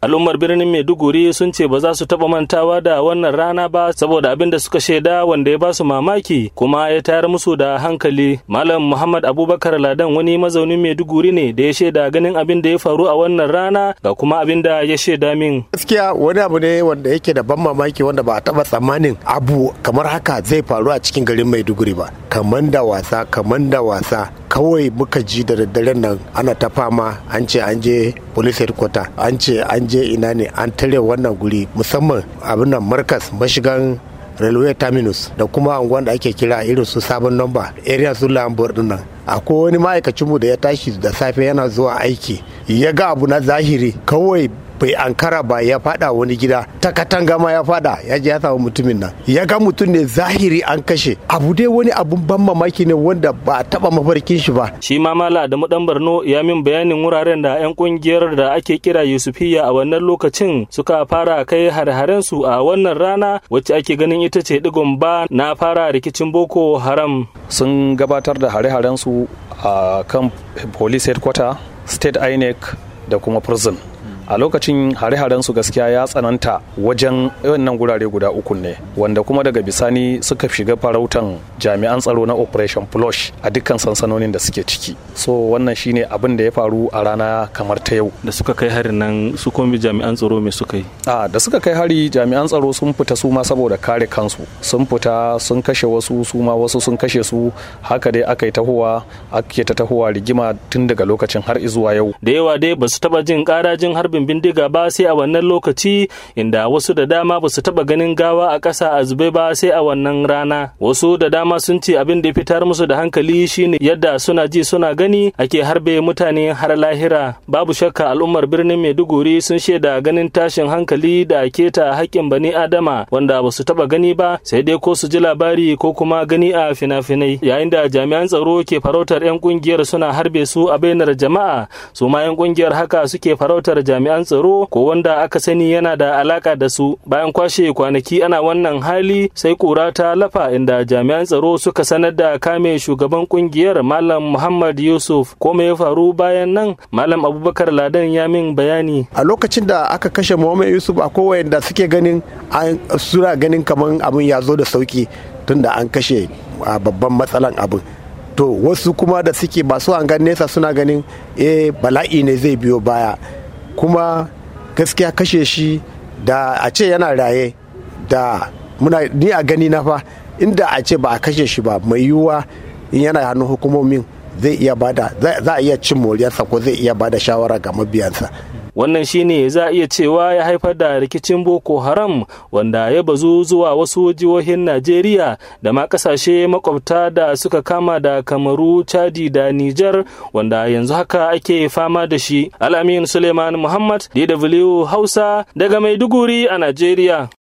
al'ummar birnin maiduguri sun ce ba za su taɓa mantawa da wannan rana ba saboda abin da suka shaida wanda ya ba su mamaki kuma ya tayar musu da hankali malam muhammad abubakar ladan wani mazaunin maiduguri ne da ya shaida ganin abin da ya faru a wannan rana ga kuma abin da ya shaida min gaskiya wani abu ne wanda yake da ban mamaki wanda ba a taba tsammanin abu kamar haka zai faru a cikin garin maiduguri ba kaman da wasa kaman da wasa kawai muka ji da daddare nan ana ta fama an ce an je police headquarter an ce an je ina ne an tare wannan guri musamman abin nan markas mashigan railway terminus da kuma anguwan da ake kira irin su sabon number area su lambor din nan akwai wani ma'aikacinmu da ya tashi da safe yana zuwa aiki ya ga abu na zahiri kawai bai ankara ba ya fada wani gida ta katanga ma ya fada ya ji ya samu mutumin nan ya ga mutum ne zahiri an kashe abu dai wani abun ban mamaki ne wanda ba a taba mafarkin shi ba shi ma mala da mudan barno ya min bayanin wuraren da yan kungiyar da ake kira yusufiya a wannan lokacin suka fara kai harharen su a wannan rana wacce ake ganin ita ce digon ba na fara rikicin boko haram sun gabatar da hare-haren su a kan police headquarter state inec da kuma prison a lokacin hare-haren su gaskiya ya tsananta wajen wannan gurare guda uku ne wanda kuma daga bisani suka shiga farautan jami'an tsaro na operation flush a dukkan sansanonin da suke ciki so wannan shine abin da ya faru a rana kamar ta yau da suka kai harin nan su kombi jami'an tsaro me suka yi a da suka kai hari jami'an tsaro sun fita su ma saboda kare kansu sun fita sun kashe wasu su ma wasu sun kashe su haka dai aka yi tahowa ake ta tahowa rigima tun daga lokacin har izuwa yau da yawa dai ba su taba jin karajin harbin harbin bindiga ba sai a wannan lokaci inda wasu da dama ba su taba ganin gawa a ƙasa a zube ba sai a wannan rana wasu da dama sun ce abin da ya fitar musu da hankali shine yadda suna ji suna gani ake harbe mutane har lahira babu shakka al'ummar birnin maiduguri sun shaida ganin tashin hankali da keta haƙƙin bani adama wanda ba su taba gani ba sai dai ko su ji labari ko kuma gani a fina-finai yayin da jami'an tsaro ke farautar 'yan kungiyar suna harbe su a bainar jama'a su ma 'yan kungiyar haka suke farautar jami'an jami'an tsaro ko wanda aka sani yana da alaka da su bayan kwashe kwanaki ana wannan hali sai kura ta lafa inda jami'an tsaro suka sanar da kame shugaban kungiyar malam muhammad yusuf ko ya faru bayan nan malam abubakar ladan ya min bayani a lokacin da aka kashe muhammad yusuf akwai wayanda suke ganin an sura ganin kamar abin ya zo da sauki tunda an kashe a babban matsalan abin to wasu kuma da suke an gan nesa suna ganin eh bala'i ne zai biyo baya kuma gaskiya kashe shi da a ce yana raye da muna ni a gani na fa inda a ce ba a kashe shi ba mai yiwuwa in yana hannun hukumomin zai iya bada za a iya cin moriyarsa ko zai iya bada shawara ga mabiyansa wannan shine za a iya cewa ya haifar da rikicin boko haram wanda ya bazu zuwa wasu jihohin najeriya da ma kasashe makwabta da suka kama da kamaru chadi da nijar wanda yanzu haka ake fama da shi alamin suleiman muhammad dw hausa daga maiduguri a najeriya